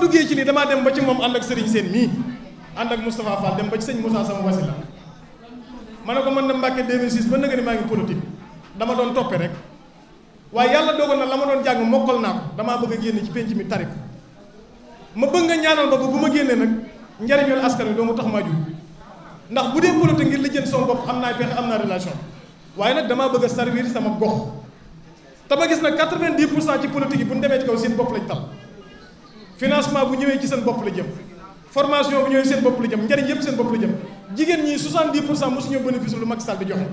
duggee ci lii damaa dem ba ci moom ànd ak sëriñ seen mii ànd ak Moustapha Fall dem ba ci sëñ Moussa sama wasila ma ne ko man de Mbàkke 2006 ba nëgë ni maa ngi politique dama doon toppee rek waaye yàlla dogal na la ma doon jàng mokkal naa ko damaa bëgg a génn ci penc mi tarik ma bëgg nga ñaanal ba bu ma génnee nag njariñul askan wi doomu tax maa jug ndax bu dee politique ngir lijjanti sama bopp am naa pexe am naa relation waaye nag damaa bëgg a sama gox te ma gis na 90 pour cent ci politique yi bu ñu demee financement bu ñëwee ci seen bopp la jëm formation bu ñëwee seen bopp la jëm njariñ yëpp seen bopp la jëm jigéen ñi 70 pour cent mosuñoo bénéfice lu Macky Sall di joxe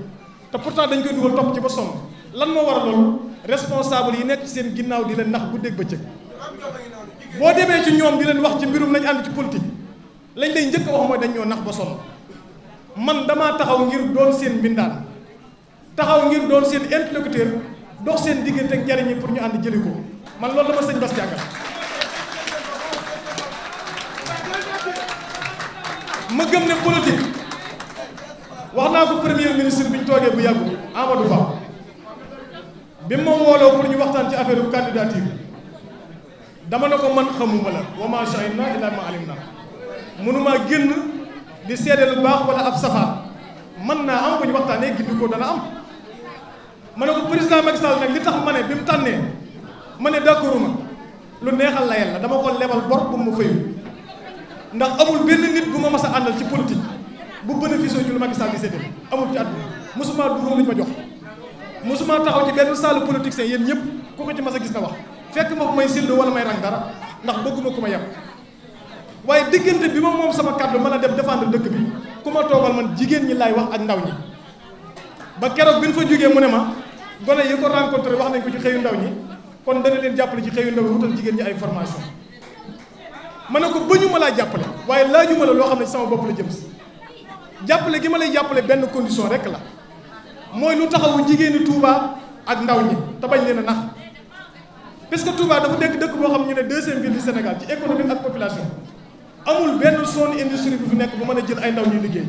te pourtant dañ koy dugal topp ci ba sonn lan moo war a loolu responsable yi nekk ci seen ginnaaw di leen nax guddeeg bëccëg boo demee ci ñoom di leen wax ci mbirum nañ ànd ci politique lañ lay njëkk a wax mooy dañ ñoo nax ba sonn man damaa taxaw ngir doon seen mbindaan taxaw ngir doon seen interlocuteur dox seen diggante ak njariñ pour ñu ànd jëli ko man loolu dama sëñ Bass jàngal ma gëm ne politique wax naa ko premier ministre bi ñu toogee bu yàggu Amadou Ba bi ma wooloo pour ñu waxtaan ci affaire bu candidature dama ne ko man xamuma la wa ma shahidna illa ma alimna mënumaa génn di seede lu baax wala ab safar mën naa am bu ñu waxtaanee gindi ko dana am ma ne ko président Macky nag li tax ma ne bi mu tànnee ma ne d'accord ma lu neexal la yàlla dama ko lebal bor bu mu fayu ndax amul benn nit bu ma mas a àndal ci politique bu bénéficié ci lu Macky Sall di séddale amul ci àdduna mosuma dugg lañu ma jox mosuma taxaw ci benn saalu politique seen yéen ñëpp ku ko ci mas a gis na wax fekk ma may sillu wala may rang dara ndax bëgguma ku ma yem waaye diggante bi ma moom sama kàddu mën a def défendre dëkk bi ku ma toogal man jigéen ñi laay wax ak ndaw ñi ba keroog bi ñu fa jógee mu ne ma gone yi ko rencontré wax nañ ko ci xëyu ndaw ñi kon dana ci xëyu ndaw jigéen ñi ay formation ma ne ko ba ñu ma laa jàppale waaye laajuma la loo xam ne sama bopp la jëm si jàppale gi ma lay jàppale benn condition rek la mooy lu taxawu jigéeni Touba ak ndaw ñi te bañ leen a nax parce que Touba dafa dëkk dëkk boo xam ñu ne deuxième ville du Sénégal ci économie ak population amul benn zone industrie bu fi nekk bu mën a jël ay ndaw ñuy liggéey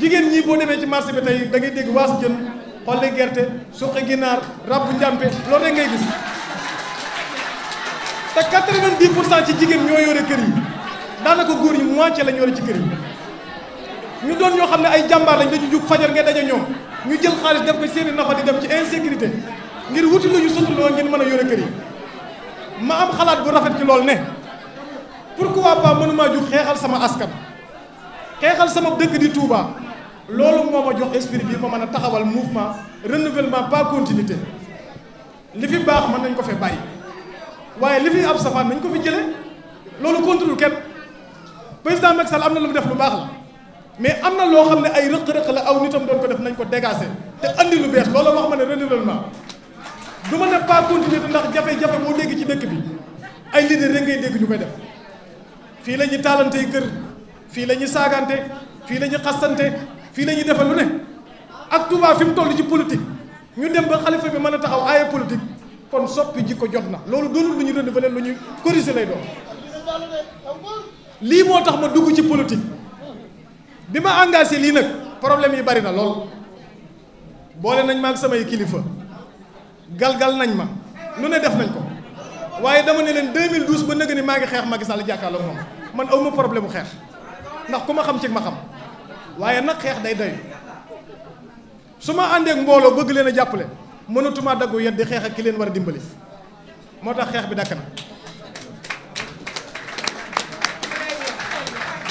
jigéen ñii boo demee ci marché bi tey da ngay dégg waas jën xolle gerte suqi ginaar ràbb njàmpe loolu rek ngay gis te 90 pour cent ci jigéen ñoo yore kër yi daanaka góor yi moitié lañ yore ci kër yi ñu doon ñoo xam ne ay jàmbaar lañ dañu jug fajar nga daje ñoom ñu jël xaalis def ko seeni nafa di dem ci insécurité ngir wuti lu ñu suturloo ngeen mën a yore kër ma am xalaat bu rafet ci lool ne pourquoi pas mënumaa jug xeexal sama askan xeexal sama dëkk di Touba loolu moo ma jox esprit bi ma mën a taxawal mouvement renouvellement pas continuité li fi baax mën nañ ko fee bàyyi. waaye li fi ab safaan nañ ko fi jëlee loolu contrôle kenn président Macky Sall am na lu mu def lu baax la mais am na loo xam ne ay rëq-rëq la aw nitam doon ko def nañ ko dégager te andi lu bees loolu wax ma ne renouvellement du ma ne pas continuer te ndax jafe-jafe boo dégg ci dëkk bi ay leader rek ngay dégg ñu koy def fii la ñuy taalantee kër fii la ñuy saagante fii la ñuy xastante fii la ñuy defal lu ne ak Touba fi mu toll ci politique ñu dem ba xalifa bi mën a taxaw aaye politique. kon ji ko jot na loolu doonul lu ñu renouveler lu ñu corriger lay doon lii moo tax ma dugg ci politique bi ma engagé lii nag problème yi bari na lool boole nañ ma ak samay kilifa galgal nañ ma lu ne def nañ ko waaye dama ne leen 2012 ba nëgë ni maa ngi xeex Macky Sall jàkkaarloo moom man awma problème mu xeex ndax ku ma xam ci ma xam waaye nag xeex day doy su ma àndeek mbooloo bëgg leen a jàppale mënatumaa daggu yet di xeex ak ki leen war a dimbali moo tax xeex bi dakk na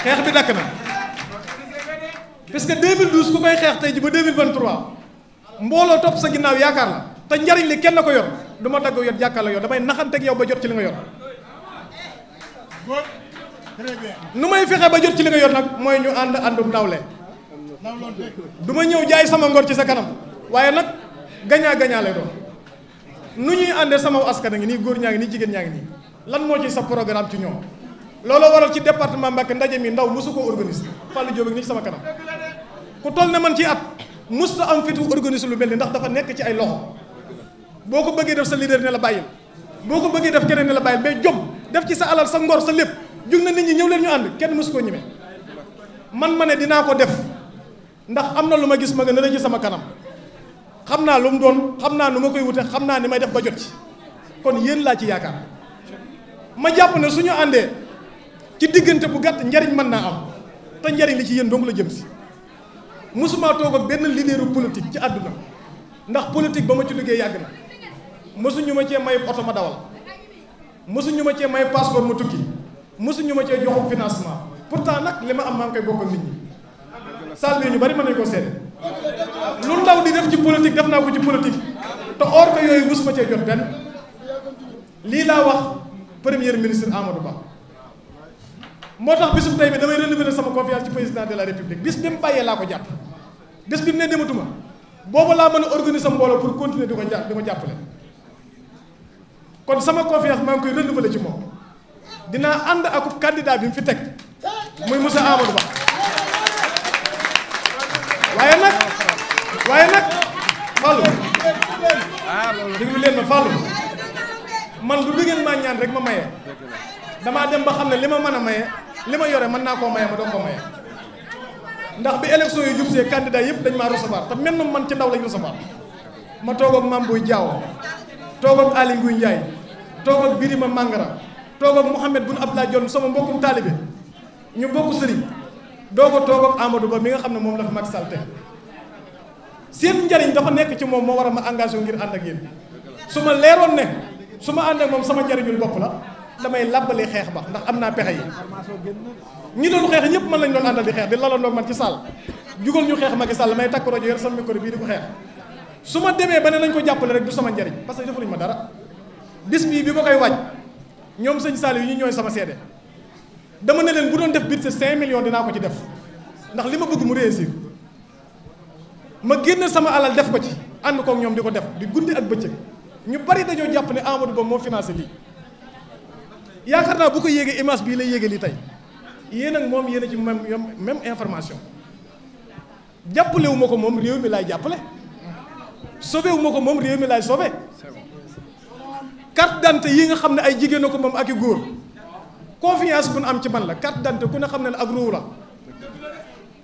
xeex bi dakk na parce que 2012 ku koy xeex tey ji ba 2023 mbooloo topp sa ginnaaw yaakaar la te njariñ li kenn ko yor du ma daggu yet jàkkaar la yor damay naxanteeg yow ba jot ci li nga yor nu may fexe ba jot ci li nga yor nag mooy ñu ànd àndum nawle du ma ñëw jaay sama ngor ci sa kanam waaye nag gagnant gagnant lay doon nu ñuy àndee sama askan a ngi nii góor ñaa ngi nii jigéen ñaa ngi nii lan moo ci sa programme ci ñoom looloo waral ci département Mbacké ndaje mi ndaw mosu koo organiser Fallou Diop nii sama kanam ku toll ne man ci at mos am fitu organiser lu mel ni ndax dafa nekk ci ay loxo boo ko bëggee def sa leader ne la bàyyil boo ko bëggee def keneen ne la bàyyil mais jom def ci sa alal sa ngor sa lépp jug na nit ñi ñëw leen ñu ànd kenn mosu koo ñemee man ma ne dinaa ko def ndax am na lu ma gis ma gën a ci sama kanam. xam naa lu mu doon xam naa nu ma koy wute xam naa ni may def ba jot ci kon yéen laa ci yaakaar ma jàpp ne suñu àndee ci diggante bu gàtt njariñ mën naa am te njariñ li ci yéen dong la jëm si mosuma toog ak benn leaderu politique ci àdduna ndax politique ba ma ci liggéey yàgg na mosuñu ma cee may oto ma dawal mosuñu ma cee may passeport ma tukki mosuñu ma cee joxum financement pourtant nag li ma am maa ngi koy bokk nit ñi sàll yi ñu bari mën nañu lu ndaw di def ci politique def naa ko ci politique te or que yooyu mosuma cee jot benn lii laa wax premier ministre Amadou Ba moo tax bisum tey bi damay renouveler sama confiance ci président de la république bis bi mu bàyyee laa ko jàpp bis bi mu ne dematuma boobu laa mën a organiser mbooloo pour continuer di ko ja di ko jàppale kon sama confiance maa ngi koy renouveler ci moom dinaa ànd ak candidat bi mu fi teg muy monsieur Amadou Ba. waaye nag waaye nag ah, Fallou déglu leen ma Fallou man du li ngeen maa ñaan rek ma maye damaa dem ba xam ne li ma mën a maye li ma yore mën naa koo maye ma doon ko maye ndax bi élection yu jub see candidat yëpp dañ maa recevoir te mel na man ci ndaw lañ recevoir ma toog ak Mame jaaw Diao toog ak Aly Ngouille Ndiaye toog ak Birima Mangara toog ak Mouhamed Boun Abdallah Dionne sama mbokkum taalibe ñu bokk sëriñ doog a toog ak Amadou Ba mi nga xam ne moom la fi Macky Sall teg seen njëriñ dafa nekk ci moom moo war a ma engagé ngir ànd ak yéen su ma leeroon ne su ma ànd ak moom sama njëriñul bopp la damay làbbalee xeex ba ndax am naa pexe yi ñi doon xeex ñëpp man lañ doon àndal di xeex di lalandoog man ci sall jugal ñu xeex Macky Sall may takk rajo yor sama micro bii di ko xeex su ma demee ba ne nañ ko jàppale rek du sama njëriñ parce que defuñu ma dara bis bii bi ma koy waaj ñoom sëñ Saliou yi ñu ñooy sama seede dama ne leen bu doon def budget cinq millions dinaa ko ci def ndax li ma bëgg mu réussir ma génn sama alal def ko ci ànd kook ñoom di ko def di guddi ak bëccëg ñu bari dañoo jàpp ne Amadou Ba moo financé lii yaakaar naa bu ko yéegee image bii lay yéegee lii tey yéen ak moom yéen a ci même même information jàppale ko moom réew mi laay jàppale sauvé wu ko moom réew mi laay sauvé carte d'identité yi nga xam ne ay jigéen a ko moom ak i góor confiance bu nu am ci man la carte d'identité ku ne xam ne ne ak ruu la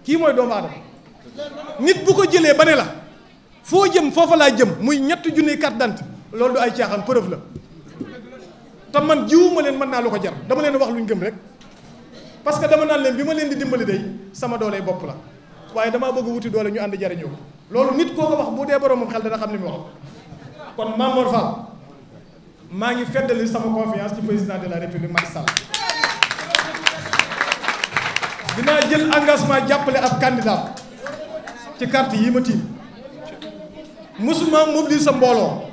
kii mooy doomu aadama nit bu ko jëlee ba ne la foo jëm foofa laa jëm muy ñetti junne carte d'identité loolu du ay caaxaan preuve la te man jiwuma leen mën naa lu ko jar dama leen wax luñ gëm rek parce que dama naan leen bi ma leen di dimbali day sama doole bopp la waaye damaa bëgg wuti doole ñu ànd jariñoo ko loolu nit koo ko wax bu dee boroomam xel dana xam ne mu wax kon Mame Mor maa ngi feddali sama confiance ci président de la république Macky dinaa jël engagement jàppale ab candidat ci carte yi ma tiim mosuma di sa mbooloo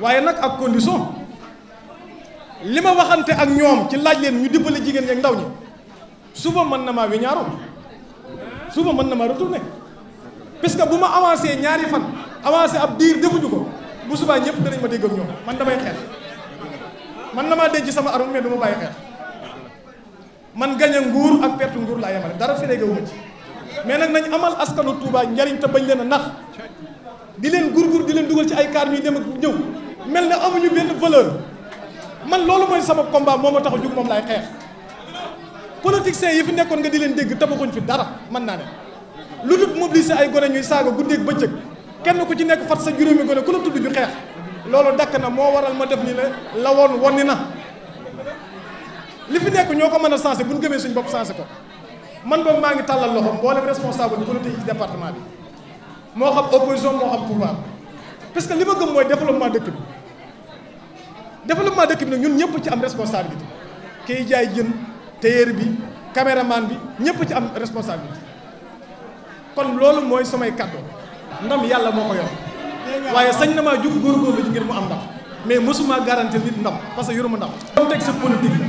waaye nag ak condition li ma waxante ak ñoom ci laaj leen ñu dimbale jigéen ñi ak ndaw ñi suba mën na maa weñaaroo suba mën na maa retourné puisque bu ma avancé ñaari fan avancé ab diir defuñu ko bu subaa ñëpp danañ ma dégg ak ñoom mën damay xeex man na maa denc sama arum mais du bàyyi xeex man gañe nguur ak perte nguur laa yemale dara féréegewuma ci mais nag nañ amal askanu Touba njariñ te bañ leen a nax di leen gurgur di leen dugal ci ay kaar ñuy dem ak ñëw mel ne amuñu benn valeur man loolu mooy sama combat moo ma tax a jug moom laay xeex politiciens yi fi nekkoon nga di leen dégg tabaxuñ fi dara mën naa ne lu dul mobiliser ay gone ñuy saaga guddeeg bëccëg kenn ku ci nekk fat sa juróomi gone ku la tudd ju xeex loolu dakk na moo waral ma def ni ne la woon wonni na li fi nekk ñoo ko mën a sensé bu ñu gëmee suñu bopp sensé ko man boobu maa ngi tàllal loxo mboolem responsable bu politique ci département bi moo xam opposition moo xam pouvoir parce que li ma gëm mooy développement dëkk bi développement dëkk bi nag ñun ñëpp ci am responsabilité kiy jaay jën tailleur bi caméraman bi ñëpp ci am responsabilité kon loolu mooy samay kàddu ndam yàlla moo ko yor waaye sañ na maa jug góorgóorlu ci ngir mu am ndam mais mësuma garantir nit ndam parce que yoruma ndam contexte politique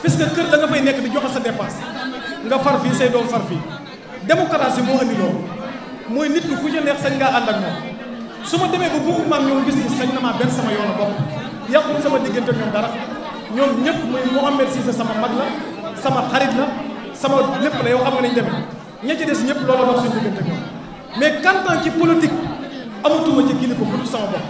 puisque kër da nga fay nekk di joxe sa dépense nga far fii say doom far fii démocratie moo andi loolu mooy nit ki ku ci neex sañ ngaa ànd ak moom su ma demee ba bëggu maam ñoom gis ni sañ na maa benn sama yoonu bopp yàqul sama diggante ñoom dara ñoom ñëpp muy Mouhamed Cissé sama mat la sama xarit la sama lépp la yow xam nga nañ demee ña ci des ñëpp loolu dox suñu diggante ñoom mais quant à ci politique amatuma ci kilifa bu dul sama bopp